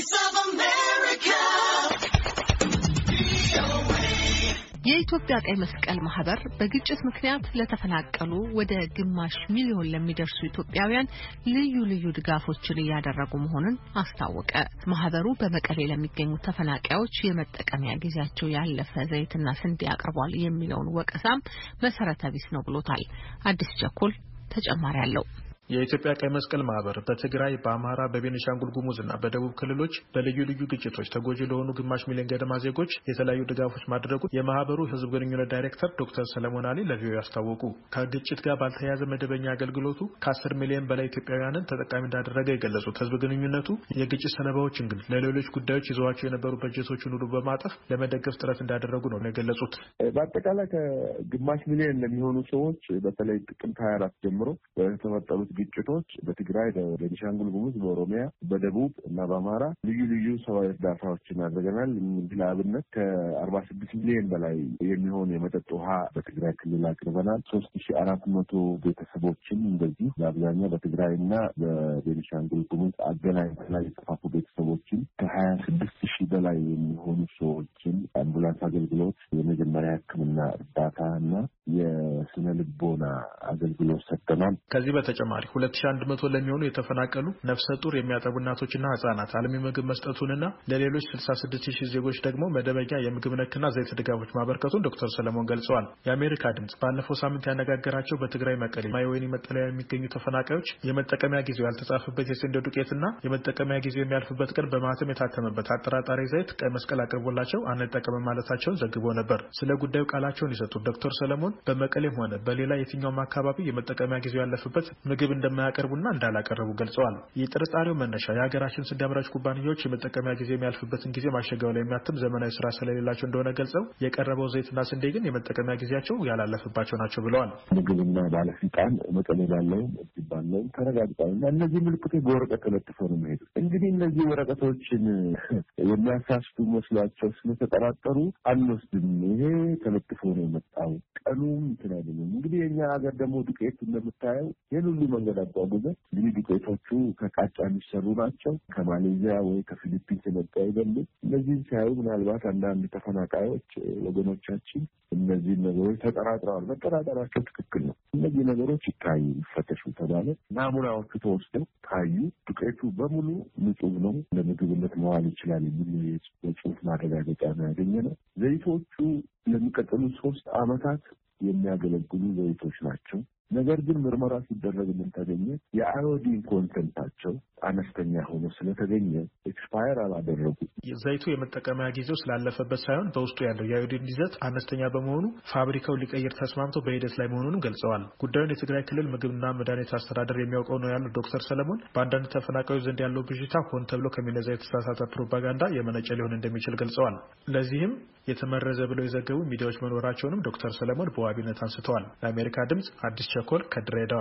Voice of America. የኢትዮጵያ ቀይ መስቀል ማህበር በግጭት ምክንያት ለተፈናቀሉ ወደ ግማሽ ሚሊዮን ለሚደርሱ ኢትዮጵያውያን ልዩ ልዩ ድጋፎችን እያደረጉ መሆኑን አስታወቀ። ማህበሩ በመቀሌ ለሚገኙ ተፈናቃዮች የመጠቀሚያ ጊዜያቸው ያለፈ ዘይትና ስንዴ አቅርቧል የሚለውን ወቀሳም መሰረተ ቢስ ነው ብሎታል። አዲስ ቸኩል ተጨማሪ አለው። የኢትዮጵያ ቀይ መስቀል ማህበር በትግራይ፣ በአማራ፣ በቤኒሻንጉል ጉሙዝና በደቡብ ክልሎች በልዩ ልዩ ግጭቶች ተጎጂ ለሆኑ ግማሽ ሚሊዮን ገደማ ዜጎች የተለያዩ ድጋፎች ማድረጉ የማህበሩ ህዝብ ግንኙነት ዳይሬክተር ዶክተር ሰለሞን አሊ ለቪዮ ያስታወቁ ከግጭት ጋር ባልተያያዘ መደበኛ አገልግሎቱ ከአስር ሚሊዮን በላይ ኢትዮጵያውያንን ተጠቃሚ እንዳደረገ የገለጹት ህዝብ ግንኙነቱ የግጭት ሰለባዎችን ግን ለሌሎች ጉዳዮች ይዘዋቸው የነበሩ በጀቶችን ሁሉ በማጠፍ ለመደገፍ ጥረት እንዳደረጉ ነው የገለጹት። በአጠቃላይ ከግማሽ ሚሊዮን ለሚሆኑ ሰዎች በተለይ ጥቅምት ሀያ አራት ጀምሮ በተፈጠሩት ግጭቶች በትግራይ፣ በቤኒሻንጉል ጉሙዝ፣ በኦሮሚያ፣ በደቡብ እና በአማራ ልዩ ልዩ ሰብአዊ እርዳታዎችን አድርገናል። ለአብነት ከአርባ ስድስት ሚሊዮን በላይ የሚሆን የመጠጥ ውሃ በትግራይ ክልል አቅርበናል። ሶስት ሺ አራት መቶ ቤተሰቦችን እንደዚህ በአብዛኛው በትግራይ እና በቤኒሻንጉል ጉሙዝ አገናኝ ላይ የተፋፉ ቤተሰቦችን ከሀያ ስድስት ሺህ በላይ የሚሆኑ ሰዎችን አምቡላንስ አገልግሎት የመጀመሪያ ሕክምና እርዳታ እና ስነ ልቦና አገልግሎት ሰጥተናል። ከዚህ በተጨማሪ ሁለት ሺ አንድ መቶ ለሚሆኑ የተፈናቀሉ ነፍሰ ጡር የሚያጠቡ እናቶችና ህጻናት አልሚ ምግብ መስጠቱንና ለሌሎች ስልሳ ስድስት ሺህ ዜጎች ደግሞ መደበኛ የምግብ ነክና ዘይት ድጋፎች ማበርከቱን ዶክተር ሰለሞን ገልጸዋል። የአሜሪካ ድምጽ ባለፈው ሳምንት ያነጋገራቸው በትግራይ መቀሌ ማይወይኒ መጠለያ የሚገኙ ተፈናቃዮች የመጠቀሚያ ጊዜው ያልተጻፈበት የስንዴ ዱቄትና የመጠቀሚያ ጊዜው የሚያልፍበት ቀን በማህተም የታተመበት አጠራጣሪ ዘይት ቀይ መስቀል አቅርቦላቸው አንጠቀምም ማለታቸውን ዘግቦ ነበር። ስለ ጉዳዩ ቃላቸውን የሰጡት ዶክተር ሰለሞን በመቀሌም ሆነ በሌላ የትኛውም አካባቢ የመጠቀሚያ ጊዜው ያለፈበት ምግብ እንደማያቀርቡና እንዳላቀረቡ ገልጸዋል። የጥርጣሬው መነሻ የሀገራችን ስንዴ አምራች ኩባንያዎች የመጠቀሚያ ጊዜ የሚያልፍበትን ጊዜ ማሸጊያው ላይ የሚያትም ዘመናዊ ስራ ስለሌላቸው እንደሆነ ገልጸው የቀረበው ዘይትና ስንዴ ግን የመጠቀሚያ ጊዜያቸው ያላለፈባቸው ናቸው ብለዋል። ምግብና ባለስልጣን መቀሌ ባለው ባለው ተረጋግጧል እና እነዚህ ምልክቶች በወረቀት ተለጥፈው ነው መሄዱ እንግዲህ እነዚህ ወረቀቶችን የሚያሳስቱ መስሏቸው ስለተጠራጠሩ አንወስድም። ይሄ ተለጥፎ ነው የመጣው ቀኑም ትናል አያስፈልግም። እንግዲህ የኛ ሀገር ደግሞ ዱቄት እንደምታየው ይህን ሁሉ መንገድ አጓጉዘ እንግዲህ ዱቄቶቹ ከቃጫ የሚሰሩ ናቸው። ከማሌዥያ ወይ ከፊሊፒንስ የመጣ አይደሉ። እነዚህን ሲያዩ ምናልባት አንዳንድ ተፈናቃዮች ወገኖቻችን እነዚህን ነገሮች ተጠራጥረዋል። መጠራጠራቸው ትክክል ነው። እነዚህ ነገሮች ይታዩ፣ ይፈተሹ ተባለ። ናሙናዎቹ ተወስደው ታዩ። ዱቄቱ በሙሉ ንጹህ ነው፣ ለምግብነት መዋል ይችላል የሚል የጽሁፍ ማረጋገጫ ነው ያገኘ ነው። ዘይቶቹ ለሚቀጥሉ ሶስት አመታት የሚያገለግሉ ዘይቶች ናቸው። ነገር ግን ምርመራ ሲደረግልን ተገኘ የአዮዲን ኮንተንታቸው አነስተኛ ሆኖ ስለተገኘ ኤክስፓየር አላደረጉ ዘይቱ የመጠቀሚያ ጊዜው ስላለፈበት ሳይሆን በውስጡ ያለው የአዮዲን ይዘት አነስተኛ በመሆኑ ፋብሪካው ሊቀይር ተስማምቶ በሂደት ላይ መሆኑንም ገልጸዋል። ጉዳዩን የትግራይ ክልል ምግብና መድኃኒት አስተዳደር የሚያውቀው ነው ያሉት ዶክተር ሰለሞን በአንዳንድ ተፈናቃዮች ዘንድ ያለው ብዥታ ሆን ተብሎ ከሚነዛ የተሳሳተ ፕሮፓጋንዳ የመነጨ ሊሆን እንደሚችል ገልጸዋል። ለዚህም የተመረዘ ብለው የዘገቡ ሚዲያዎች መኖራቸውንም ዶክተር ሰለሞን በዋቢነት አንስተዋል። ለአሜሪካ ድምጽ አዲስ ቸኮል ከድሬዳዋ